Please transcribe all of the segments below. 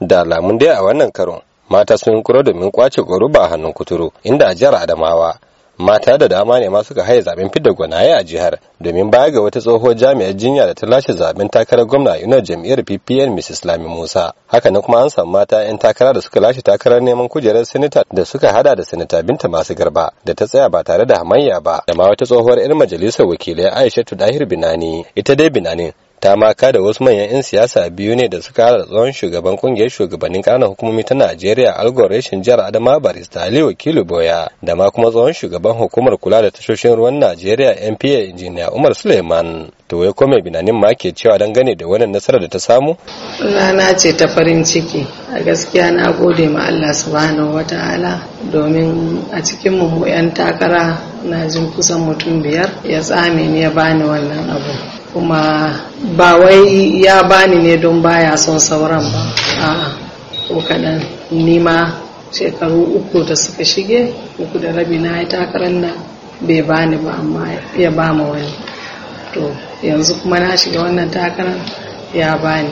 da lamun dai a wannan karon mata sun kura domin kwace goruba a hannun kuturu inda a jihar adamawa mata da dama ne ma suka haye zaben fidda gwanaye a jihar domin baya ga wata tsohuwar jami'ar jinya da ta lashe zaben takarar gwamna a jam'iyyar ppn mrs lami musa haka na kuma an samu mata 'yan takara da suka lashe takarar neman kujerar sinita da suka hada da sinita binta masu garba da ta tsaya ba tare da hamayya ba da ma wata tsohuwar 'yan majalisar wakilai aishatu dahir binani ita dai binani ta maka da wasu manyan 'yan siyasa biyu ne da suka hada tsohon shugaban kungiyar shugabannin kanan hukumomi ta najeriya algo jihar adama barista ali wakilu boya da ma kuma tsohon shugaban hukumar kula da tashoshin ruwan najeriya npa injiniya umar suleiman to ya kome binanin ma ke cewa gane da wannan nasarar da ta samu rana ce ta farin ciki a gaskiya na gode ma allah subhanahu wataala domin a cikin mu 'yan takara na jin kusan mutum biyar ya tsame ni ya bani wannan abu kuma ba wai ya bani ne don baya son sauran ba a ko kaɗan nima shekaru uku da suka shige uku da rabi na ya takarar na bai bani ba amma ya ba ma wani to yanzu kuma na shiga wannan takarar ya bani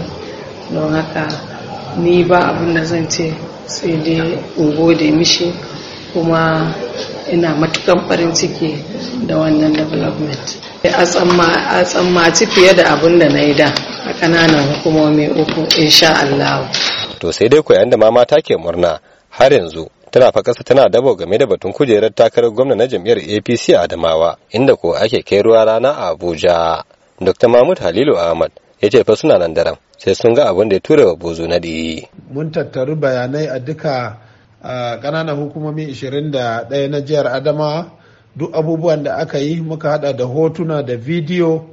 don haka ni ba abin da zan ce sai dai in gode mishi kuma ina matukan farin ciki da wannan development a tsammaci fiye da abin da na yi da a ƙananan hukumomi uku insha Allah to sai dai koyan da mama ta ke murna har yanzu tana fakasa tana dabo game da batun kujerar takarar gwamna na jam'iyyar apc a adamawa inda ko ake kai ruwa rana a abuja dr mahmud halilu ahmad ya ce fa suna nan daram sai sun ga abin da ya tura wa bozo na mun tattaru bayanai a duka Kananan hukumomi 21 na jihar adama duk abubuwan da aka yi muka hada da hotuna da bidiyo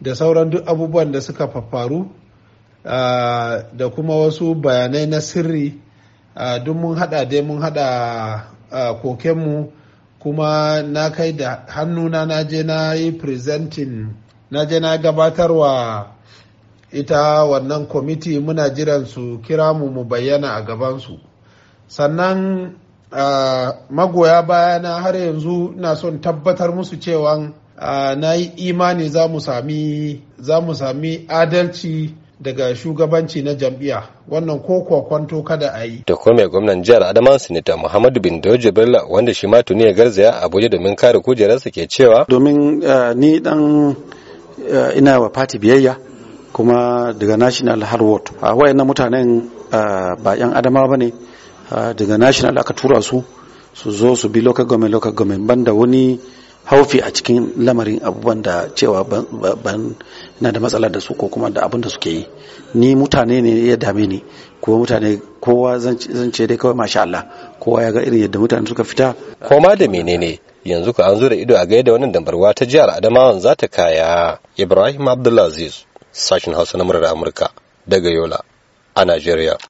da sauran duk abubuwan da suka faru da kuma wasu bayanai na sirri duk mun hada dai mun hada kokenmu kuma na kai da hannuna na je na yi presenting na je na gabatarwa ita wannan kwamiti muna jiran su kira mu mu bayyana a gabansu. sannan magoya bayana har yanzu na son tabbatar musu cewa na yi imani za mu sami adalci daga shugabanci na jam'iya, wannan ko kwanto kada a yi. Da mai gwamnan jihar Adamawa Sinita Muhammadu bin Dojo Bello wanda shi ma tuni ya garzaya Abuja domin kare kujerarsa ke cewa. Domin ni dan ina wa fati biyayya kuma daga national har ward. A wayan mutanen ba 'yan Adamawa ba ne. Ah, daga national aka tura su su zo su bi local government local government banda wani haufi a cikin lamarin abubuwan da cewa na da matsala da su ko kuma da abin da suke yi ni mutane ne ya dame ni kuma mutane kowa zan ce dai kawai masha Allah kowa ya ga irin yadda mutane suka fita koma da menene yanzu ka an zo da ido a gaida wannan dambarwa ta jihar Adamawan za ta kaya Ibrahim Abdulaziz sashen Hausa na murar Amurka daga Yola a nigeria.